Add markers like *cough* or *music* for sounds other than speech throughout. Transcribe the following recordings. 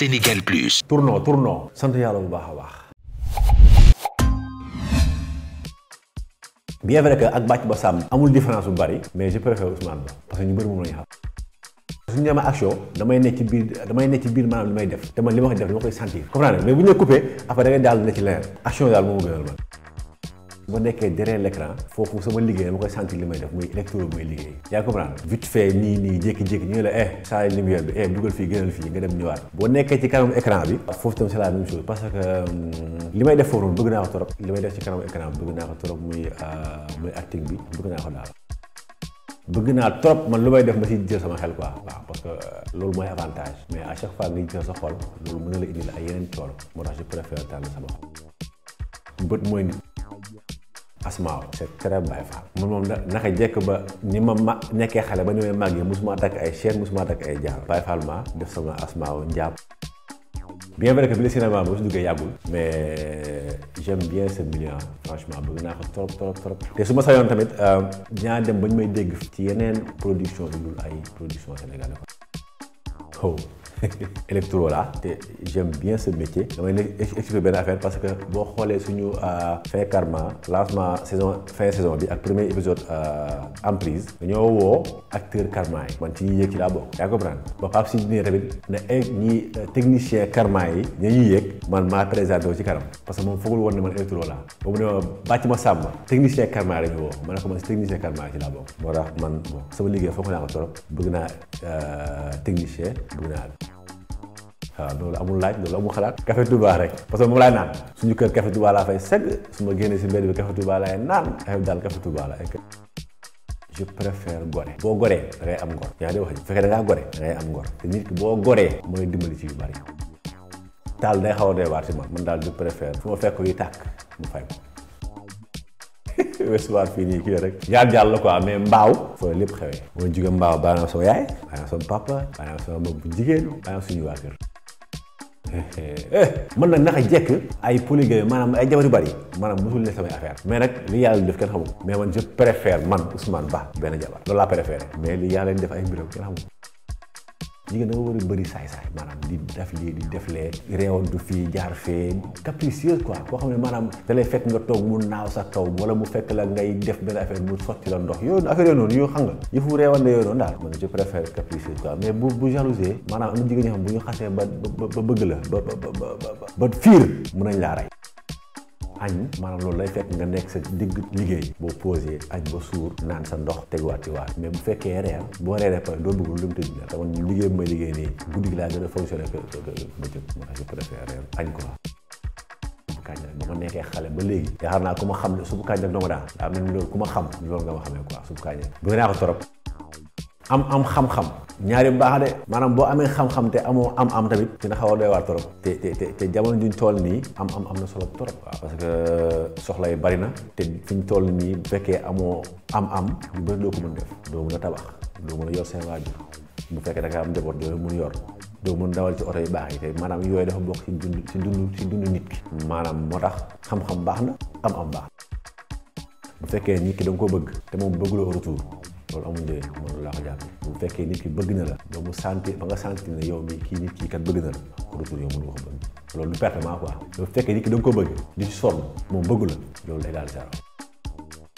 Sénégal Plus. tournons tournons sant yàlla bu baax a baax. bien vrai que ak bàcc ba sàmm amul différence bu bari mais je préfère Ousmane Ba parce que ñu bëri moom la ñu xam. suñu demee action damay nekk ci biir damay nekk ci biir manam limay def te man li ma koy def li koy sentir. comprendre mais bu ñu coupé après da ngay daal ne ci leneen action daal moom gënal man. bu ma nekkee derrière l'écran foofu sama liggéey dama koy sentir li may def muy électro bi may liggéey yaa ngi comprendre vite fait nii nii jékki-jékki ñu ne la eh saa lumière bi eh dugal fii gënal fii nga dem ñëwaat boo nekkee ci kanamu écran bi foofu tam c'est la même chose parce que hmm, li may def foofu bëgg naa ko trop li may def ci écran bëgg naa ko trop muy euh, muy acting bi bëgg naa ko daal bëgg naa trop man lu may def ma ci jël sama xel quoi waaw parce que euh, loolu mooy avantage mais à chaque fois nga jël sa xol loolu mën na la indil ay yeneen coono moo tax je préfère tànn sama xol mooy nit fas maaw c'est très Baye Fall ndax moom jekk ba ni ma ma nekkee xale ba ni may màggee musuma takk ay chaîne musuma takk ay jaar Baye Fall ma def sama asmaaw njaab bien vrai que bi la cinéma ba su duggee yàggul mais j'aime bien ce naa ko trop trop trop te su ma sayoon tamit euh, dinaa dem ba ñu may dégg ci yeneen production yu dul ay production sénégalais ko oh. électro la j'aime bien ce métier dama nekk expliquer benn affaire parce que bo xolé suñu euh, fin karma lancement saison fin saison bi ak premier épisode euh, emprise dañoo wo acteur karma yi man ci ñuy yéeg ci laa bokk yaa comprendre ba pap Sidi ne tamit ne eh, ñi euh, technicien karma yi ñi ñuy man ma présenté ci kanam parce que mom foogul won man électro la ba mu ne ma ma sàmm technicien karma la ñu woo ko man technicien karma ci la bok moo tax man bon sama liggéey foog naa ko trop bëgg naa technicien bëgg naa waaw loolu amul laaj loolu amul xalaat café Touba rek parce que moom laay naan suñu kër café Touba laa fay segg su ma génnee si mbedd bi café Touba laay naan affaire daal café Touba la je préfère gore boo goree da ngay am ngor yaa ngi wax bu fekkee da ngaa gore da ngay am ngor te nit ki boo goree mooy dimbali ci yu bari taal day xaw a doy ci man man daal je préfère fu ma fekk yu tàkk mu fay ko wesuwaar fii nii kii rek jaar jaar la quoi mais mbaaw foo lépp xewee moo jóge mbaaw baanaam sama yaay baanaam sama papa baanaam sama mag bu jigéen baanaam suñu waa kër Eh, man nag naka jekk ay polygame maanaam ay jabar yu bari maanaam musul ne samay affaire mais nag li yàlla def kenn xamul mais man je préfère man Ousmane Ba benn jabar loolu laa préféré mais li yàlla def ay mbiram kenn xamul jigéen da nga war a bëri saay-saay maanaam di def lii di def lee réewantu fii jaar fee capricieuse quoi koo xam ne maanaam da lay fekk nga toog mu naaw sa kaw wala mu fekk la ngay def benn affaire bu sotti la ndox yooyu affaire yooyu noonu yoo xam nga yëfu réewande yooyu noonu daal man je préfère capricieuse quoi mais bu bu jalousé maanaam am na jigéen ñi xam bu ñu xasee ba ba bëgg la ba ba ba ba fiir mun nañ laa rey añ maanaam loolu lay fekk nga nekk sa digg liggéey boo posé añ ba suur naan sa ndox teguwaat ci waat mais bu fekkee reer boo reeree pare doo bëgg lu mu tëj la te man liggéey bu may liggéey nii guddi gi laa gën a ko que bëccëg moo tax ma nekkee xale ba léegi yaakaar naa ku ma xam ne subu kañ nag doo ma daan daa loolu ku ma xam loolu nga ma xamee quoi subu kañ bu naa ko trop am am xam-xam ñaari baax de maanaam boo amee xam-xam te amoo am-am tamit dina xaw a doy waar trop te te te jamono juñ toll nii am-am am na solo trop. waaw parce que euh, soxla yi bari na te fi ñu toll nii bu fekkee amoo am-am lu bëri doo ko mën def doo mën a tabax doo mën a yor seen waajur bu fekkee da nga am njaboot doo yor. doo mën dawal ci oto yu baax yi te dafa bokk ci dund dund ci dund nit ki maanaam moo tax xam baax na am am baax fekkee nit ki da ko bëgg te moom bëgguloo retour loolu amul njëriñ man laa ko jàpp bu fekkee nit bëgg na la ba mu sentir ba nga kii nit kat bëgg na la ko retour yow mënu ko bëgg loolu du pertement quoi bu fekkee nit ki da nga ko bëgg di ci sonn moom bëggu la loolu égal zéro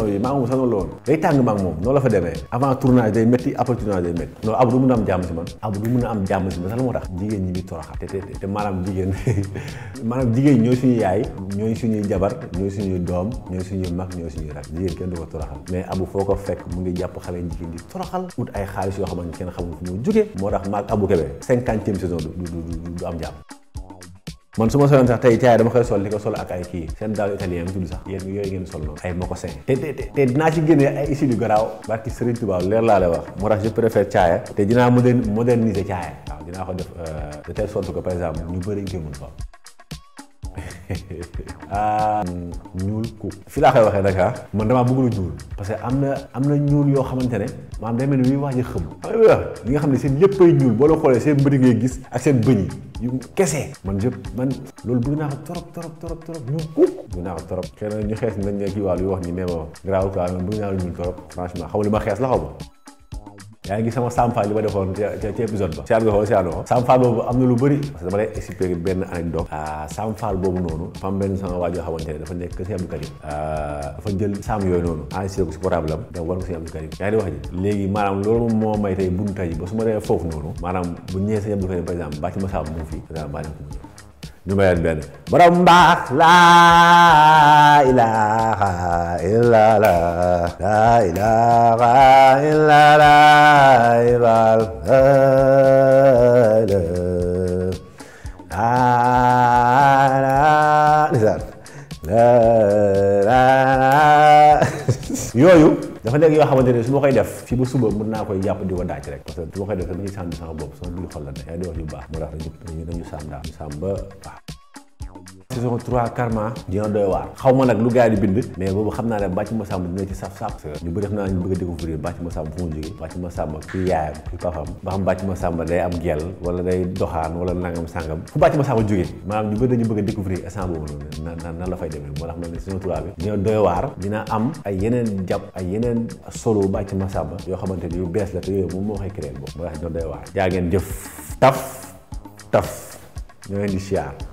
émission yi maa ngi sonal woon day tàng ma ak moom noonu la fa demee avant tournage day métti après tournage day métti non Abdou du mun a am jàmm si man Abdou du mun a am jàmm si man sax moo tax jigéen ñi di toroxal te te *laughs* ñooy suñu yaay ñooy suñuy jabar ñooy suñuy doom ñooy suñuy mag ñooy suñuy mais Abdou foo ko fekk mu ngi jàpp xale jigéen di toroxal ut ay xaalis yoo xamante ne kenn xamul fu mu jógee moo tax maag Abdou Kébé cinquantième saison du du du am jàmm man su ma soloon sax tey caay dama koy sol li ko sol ak ay kii seen daaw italien bi tudd sax yéen yooyu ngeen sol noonu ay mocassin te te te dinaa ci génne ay issue yu garaaw barki Serigne Touba leer laa wax moo tax je préfère caaya te dinaa modern moderniser caaya waaw dinaa ko def euh, de telle sorte par exemple ñu bëri ngeen mun fa ah *laughs* ñuul ku fi laa koy waxee nag ah man damaa bëgg lu ñuul parce que am na am na ñuul yoo xamante ne maanaam day mel ni muy waaj a xëm xam nga li nga xam ne seen yëppay ñuul boo la xoolee seen bëri ngay gis ak seen bëñ yi kese man yëpp man loolu bëgg naa ko trop trop trop trop ñuul ku bëgg naa ko trop xëy na ñu xees nañ kii waa luy wax ñi nee ma graaw quoi man bëgg naa lu ñuul trop franchement xaw ma li xees la xaw yaa ngi gis sama Sam Fall li ma defoon ci épisode ba Thierno Gow Thierno Sam Fall boobu am na lu bëri parce que dama lay expliquer benn anecdote ah, Sam Fall boobu noonu dafa benn sama waajoo xamante ne dafa nekk Sëñ Abdou Karim dafa jël Sam yooyu noonu enregistré ah, ko si portable am da war ko Sëñ Abdou Karim yaa ngi wax ji léegi maanaam loolu moo may tey buntu tey ba su ma demee foofu noonu maanaam bu ñëwee Sëñ Abdou Karim par exemple bàcc ma Sam mu fi maanaam maa ko mu ñëw lumayan benn borom baax la ilaha illallah la ilaha illallah yoo xamante ne su ma koy def fi ba suba mën naa koy jàpp di ko daaj rek parce que def dama ñuy bopp sama biir xol ba saison 3 Karma dina doy waar xaw ma nag lu gaa yi di bind mais boobu xam naa ne Bathie Massamba dina ci saf saf ñu bëri xam naa ñu bëgg a découvrir Bathie Massamba fu mu jógee Bathie Massamba kuy yaayam kuy papam ba xam Bathie Massamba day am gel wala day doxaan wala nangam sàngam fu Bathie Massamba jógee maanaam ñu bëri dañu bëgg a découvrir instant boobu noonu na na la fay demee moo tax xam naa ne saison 3 bi dina doy waar dina am ay yeneen jàpp ay yeneen yoo xamante ni yu bees la te yooyu moom moo koy créé boobu moo tax dina doy di siyaar